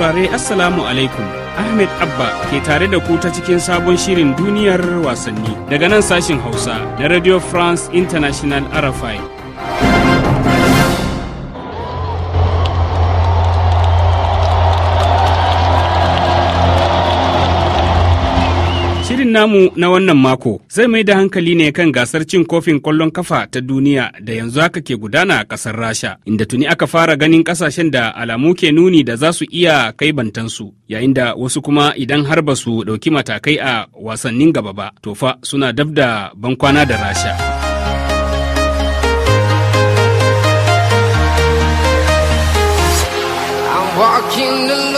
saurare Assalamu alaikum. Ahmed Abba ke tare da ku ta cikin sabon shirin duniyar wasanni daga nan sashin Hausa na Radio France International RFI. Shirin namu na wannan mako zai mai da hankali ne kan gasar cin kofin kwallon kafa ta duniya da yanzu haka ke gudana a ƙasar Rasha, inda tuni aka fara ganin ƙasashen da alamu ke nuni da za su iya kai bantansu, yayin da wasu kuma idan har ba su ɗauki matakai a wasannin gaba ba, to fa suna dab da bankwana da Rasha. walking alone.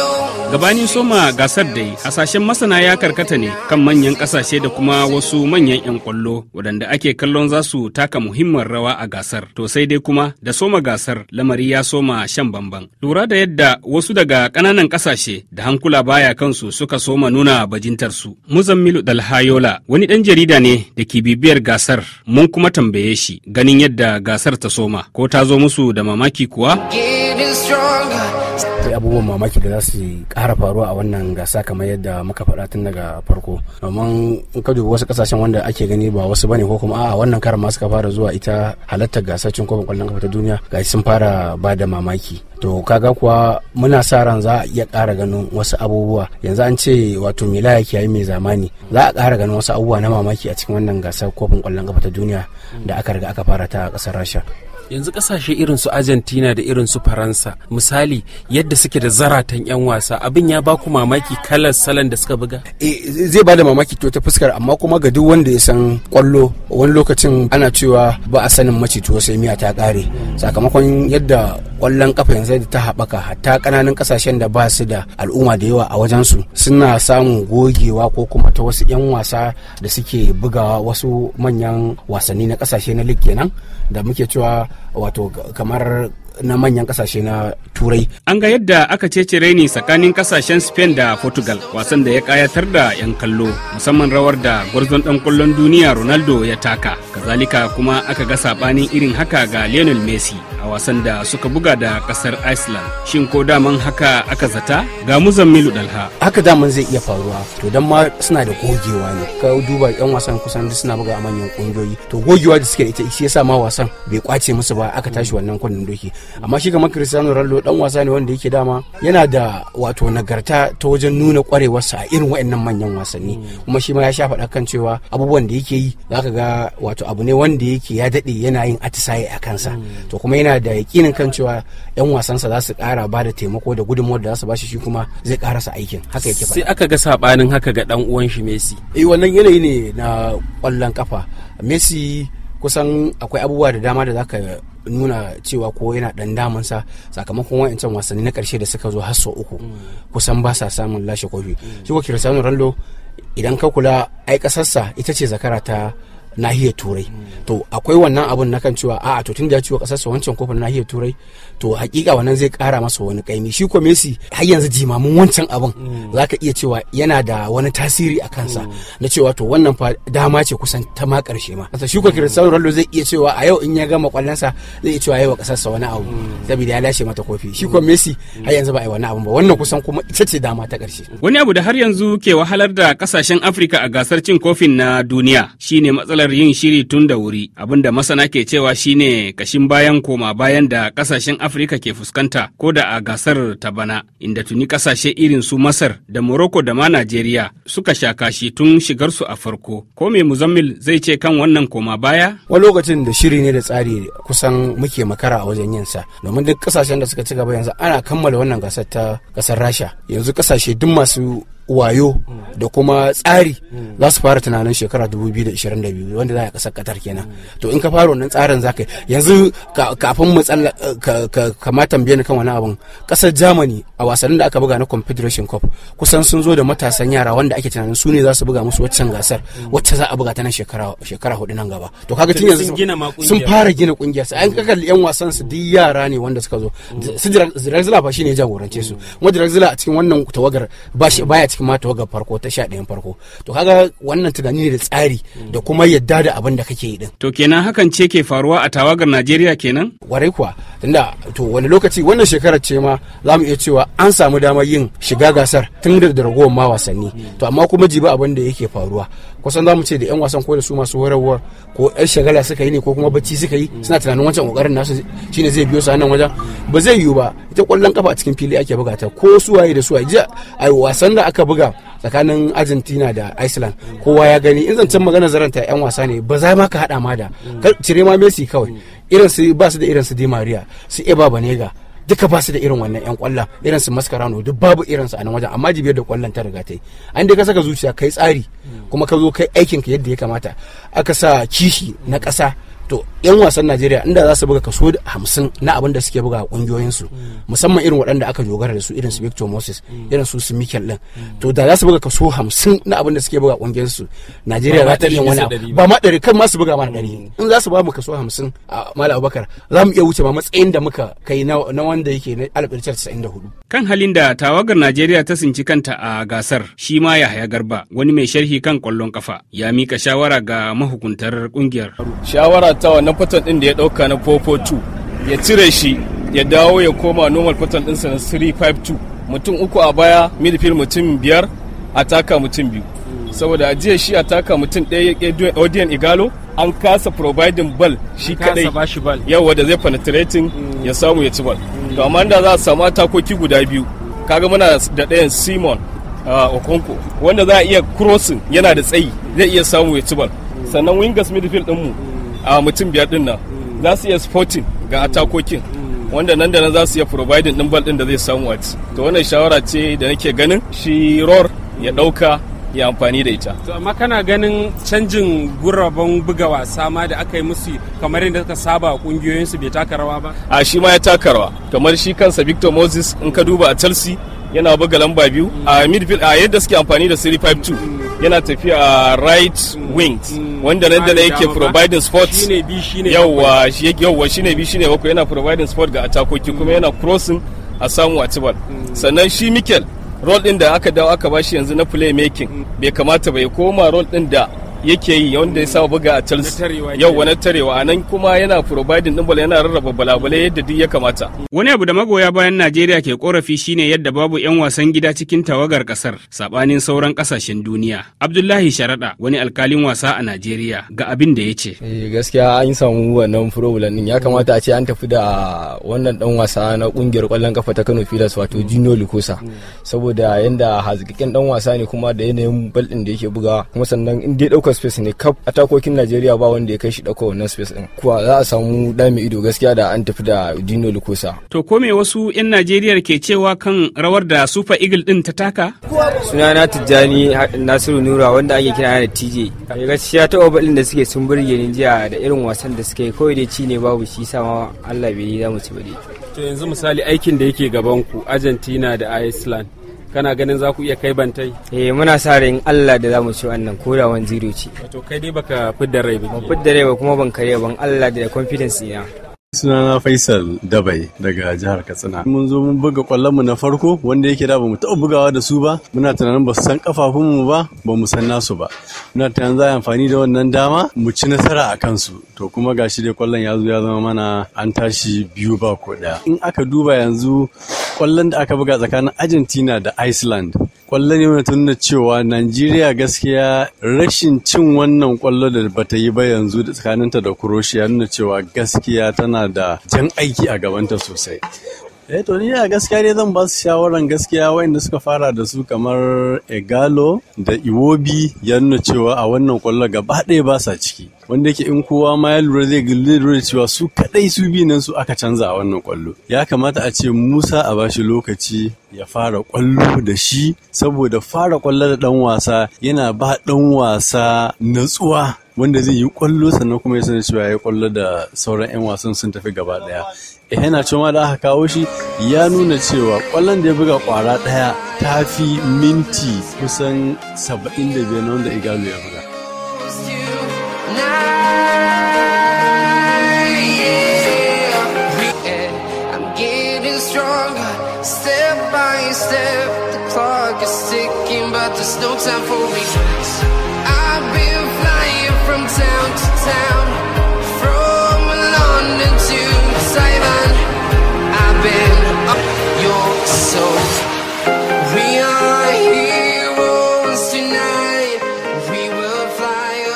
gabanin soma gasar dai hasashen masana ya karkata ne kan manyan kasashe da kuma wasu manyan 'yan kwallo wadanda ake kallon za su taka muhimmin rawa a gasar to sai dai kuma da soma gasar lamari ya soma shan bamban lura da yadda wasu daga ƙananan kasashe da hankula baya kansu suka soma nuna bajintar su muzammilu dalhayola wani ɗan jarida ne da ke bibiyar gasar mun kuma tambaye shi ganin yadda gasar ta soma ko ta zo musu da mamaki kuwa akwai abubuwan mamaki da za su kara faruwa a wannan gasa kamar yadda muka faɗa tun daga farko domin in ka dubi wasu kasashen wanda ake gani ba wasu bane ko kuma a wannan karan ma suka fara zuwa ita halartar gasar cin kofin kwallon kafa ta duniya ga sun fara ba da mamaki to kaga kuwa muna sa ran za a iya kara ganin wasu abubuwa yanzu an ce wato ya kiyaye mai zamani za a kara ganin wasu abubuwa na mamaki a cikin wannan gasar kofin kwallon kafa ta duniya da aka riga aka fara ta a ƙasar rasha yanzu kasashe irin su argentina da irin su faransa misali yadda suke da zaratan 'yan wasa abin ya baku mamaki kalar salon da suka buga eh, zai ba da mamaki to ta fuskar amma kuma ga duk wanda ya san kwallo wani lokacin ana cewa ba a sanin mace sai miya ta kare sakamakon yadda kwallon kafa yanzu da ta haɓaka hatta ƙananan ƙasashen da ba su da al'umma da yawa a wajen su suna samun gogewa ko kuma ta wasu 'yan wasa da suke bugawa wasu manyan wasanni na ƙasashe na lig kenan da muke cewa wato kamar na manyan kasashe na turai an ga yadda aka cece raini tsakanin kasashen spain da portugal wasan da ya kayatar da 'yan kallo musamman rawar da gwarzon dan kwallon duniya ronaldo ya taka kazalika kuma aka ga sabanin irin haka ga lionel messi a wasan da suka buga da kasar iceland shin ko daman haka aka zata ga milu dalha haka daman zai iya faruwa to dan ma suna da gogewa ne ka duba yan wasan kusan duk suna buga a manyan kungiyoyi to gogewa da suke da ita shi yasa ma wasan bai kwace musu ba aka tashi wannan kunnen doki amma shi kamar cristiano ronaldo dan wasa ne wanda yake dama yana da wato nagarta ta wajen nuna kwarewarsa a irin wa'annan manyan wasanni kuma shi ma ya sha faɗa kan cewa abubuwan da yake yi zaka ga wato abu ne wanda yake ya daɗe yana yin atisaye a kansa mm. to kuma yana da yakinin kan cewa yan wasansa za su ƙara ba da taimako da gudunmuwar da za su bashi shi kuma zai sa aikin haka yake sai aka ga sabanin haka ga dan uwan shi Messi eh wannan yanayi ne na ƙwallon kafa Messi kusan akwai abubuwa da dama da zaka nuna cewa ko yana dan sa sakamakon wayancan wasanni na karshe da suka zo har sau uku mm. kusan ba sa samun lashe kofi mm. shi ko Cristiano Ronaldo idan ka kula ai kasarsa ita ce zakara ta nahiyar turai to akwai wannan abun na kan cewa a to tun ya ciwo kasarsa wancan kofin nahiyar turai to hakika wannan zai kara masa wani kaimi shi ko Messi har yanzu jimamin wancan abun mm. zaka iya cewa yana da wani tasiri a kansa mm. na cewa to wannan fa dama ce kusan ta ma karshe ma shi ko Cristiano Ronaldo zai iya cewa a yau in ya gama kwallonsa zai iya cewa yayi kasarsa wani abu mm. saboda ya lashe mata kofi shi ko Messi har yanzu ba a wani abu ba wannan kusan kuma ita ce dama ta karshe wani abu da har yanzu ke wahalar da kasashen Afrika a gasar cin kofin na duniya shine matsalar matsalar yin shiri tun da wuri abinda masana ke cewa shine kashin bayan koma bayan da kasashen afirka ke fuskanta ko da a gasar ta bana inda tuni kasashe irin su masar da morocco da ma najeriya suka sha kashi tun shigar su a farko ko me muzammil zai ce kan wannan koma baya wa lokacin da shiri ne da tsari kusan muke makara a wajen yinsa domin duk kasashen da suka ci gaba yanzu ana kammala wannan gasar ta kasar rasha yanzu kasashe duk masu wayo da kuma tsari za su fara tunanin shekara 2022 wanda za a kasar katar kenan to in ka fara wannan tsarin za ka yanzu kafin mu kama tambaye kan wani abin kasar Germany a wasannin da aka buga na Confederation Cup kusan sun zo da matasan yara wanda ake tunanin su ne za su buga musu waccan gasar wacce za a buga ta nan shekara shekara hudu nan gaba to kaga tun yanzu sun fara gina kungiya sai an kaga yan wasan su duk yara ne wanda suka zo su Draxler ba shi ne jagorance su kuma Draxler a cikin wannan tawagar ba shi baya cikin su mata tawagar farko ta sha ɗayan farko to kaga wannan tunani ne da tsari da kuma yadda da abin da kake yi din to kenan hakan ce ke faruwa a tawagar Najeriya kenan warai kuwa tunda to wani lokaci wannan shekarar ce ma za mu iya cewa an samu damar yin shiga gasar tun da ragowar ma wasanni to amma kuma jiba abin da yake faruwa kusan za mu ce da 'yan wasan ko da su masu warawar ko 'yan shagala suka yi ne ko kuma bacci suka yi suna tunanin wancan kokarin nasu shine zai biyo su a nan wajen ba zai yiwu ba ita kwallon kafa a cikin fili ake buga ta ko suwaye da suwaye a wasan da aka suka buga tsakanin argentina da iceland kowa ya gani in zancen magana zaranta yan wasa ne ba za ma ka hada ma da cire ma messi kawai irin su ba su da irin su di maria su eba banega duka ba su da irin wannan yan kwallon irin su Mascherano duk babu irin su a nan wajen amma jibiyar da kwallon ta riga ta yi an dai ka saka zuciya kai tsari kuma ka zo kai aikin ka yadda ya kamata aka sa kishi na kasa. to yan wasan najeriya inda za su buga kaso hamsin na abin da suke buga a kungiyoyinsu musamman irin waɗanda aka dogara da su irin su victor moses irin su su mikel ɗin to da za su buga kaso hamsin na abin da suke buga a kungiyoyinsu najeriya za ta iya wani ba ma ɗari kan ma su buga ma ɗari mm. in za su ba mu kaso hamsin a malam abubakar za mu iya wuce ba matsayin da muka kai na wanda yake na alif hudu. kan halin da tawagar najeriya ta sinci kanta a gasar shi ma yahaya garba wani mai sharhi kan kwallon kafa ya mika shawara ga mahukuntar kungiyar shawara ta wannan fatan din da ya dauka na 442 ya cire shi ya dawo ya koma normal fatan ɗinsa na 352 mutum uku a baya midfield mutum biyar ataka mutum biyu saboda a jiya shi ataka mutum ɗaya ya odiyan igalo an kasa providing ball shi kadai yawa da zai penetrating mm. ya samu ya ci ball to amma da za a samu atakoki guda biyu kaga muna da ɗayan simon ah, okonko wanda za a iya crossing yana da tsayi zai iya samu ya ci ball mm. sannan wingers midfield mu. a mutum biyar din nan za su iya sporting ga atakokin wanda nan da nan za su iya providing din bal din da zai samu a to wannan shawara ce da nake ganin shi ror ya dauka ya amfani da ita. To amma kana ganin canjin guraben buga wasa ma da aka yi musu kamar yadda suka saba su bai taka rawa ba? A shi ma ya taka rawa kamar shi kansa Victor Moses in ka duba a Chelsea yana buga lamba biyu a midfield a yadda suke amfani da 352 yana tafiya a right wing mm. wanda nan da yake providing sport yawa yawa shine bi shine bakwai yana providing sport ga atakoki kuma mm. yana crossing a samu a mm. sannan shi mikel role din da aka dawo aka bashi yanzu na play bai kamata bai koma role din da yake yi wanda ya sa buga a Chelsea yau wani tarewa anan kuma yana providing din yana rarraba balabale yadda duk ya kamata wani abu da magoya bayan Najeriya ke korafi shine yadda babu yan wasan gida cikin tawagar kasar sabanin sauran kasashen duniya Abdullahi Sharada wani alkalin wasa a Najeriya ga abin da ya ce eh, gaskiya an samu wannan problem din ya kamata a ce an tafi da wannan dan wasa na kungiyar kwallon kafa ta Kano Pilas wato Junior Lukosa saboda yanda hazikin dan wasa ne kuma da yanayin baldin da yake buga kuma sannan in dai dauka ɗaukar space ne kaf takokin Najeriya ba wanda ya kai shi ɗaukar wannan space ɗin. Kuwa za a samu dami ido gaskiya da an tafi da Dino Lukosa. To ko me wasu 'yan Najeriya ke cewa kan rawar da Super Eagle din ta taka? suna na Tijjani Nasiru Nura wanda ake kira da TJ. Eh, gaskiya ta obalin da suke sun burge ni jiya da irin wasan da suke kawai dai ci ne babu shi sama Allah bai ni za mu ci ba To yanzu misali aikin da yake gaban ku Argentina da Iceland. kana ganin za ku iya kai bantai eh muna sa ran Allah da zamu ci wannan koda wan zero ce Wato kai dai baka fidda rai ba fidda rai ba kuma ban kare ban Allah da confidence ina suna na faisal dabai daga jihar katsina mun zo mun buga kwallon mu na farko wanda yake da bamu taɓa bugawa da su ba muna tunanin ba su san mu ba ba mu san nasu ba muna tunanin za a amfani da wannan dama mu ci nasara a kansu to kuma gashi dai kwallon ya zo ya zama mana an tashi biyu ba ko daya in aka duba yanzu kwallon da aka buga tsakanin argentina da iceland kwallo ne mai tunda cewa Najeriya gaskiya rashin cin wannan kwallo da bata yi ba yanzu tsakaninta da Kuroshiya nuna cewa gaskiya tana da jan aiki a gabanta sosai. eh to ni a gaskiya ne zan ba su shawaran gaskiya wayanda suka fara da su kamar egalo da iwobi ya nuna cewa a wannan kwallo gaba ɗaya ba sa ciki wanda yake in kowa ma ya lura zai da cewa su kadai su bi nan su aka canza a wannan kwallo ya kamata a ce musa a bashi lokaci ya fara kwallo da shi saboda fara kwallo da dan wasa yana ba dan wasa natsuwa wanda zai yi kwallo sannan kuma ya sanar cewa ya kwallo da sauran 'yan wasan sun tafi gaba daya ehena cewa da aka kawo shi ya nuna cewa kwallon da ya buga kwara daya ta fi minti kusan 75 na wanda igalo ya buga Step by step, the clock is ticking, but there's no time for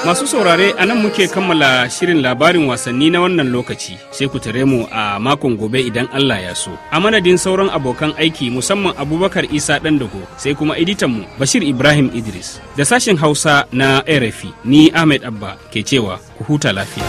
Masu saurare a nan muke kammala shirin labarin wasanni na wannan lokaci sai ku tare mu a makon gobe idan Allah ya so. A manadin sauran abokan aiki musamman Abubakar Isa dago sai kuma mu Bashir Ibrahim Idris da sashen Hausa na RFI ni Ahmed Abba ke cewa ku huta lafiya.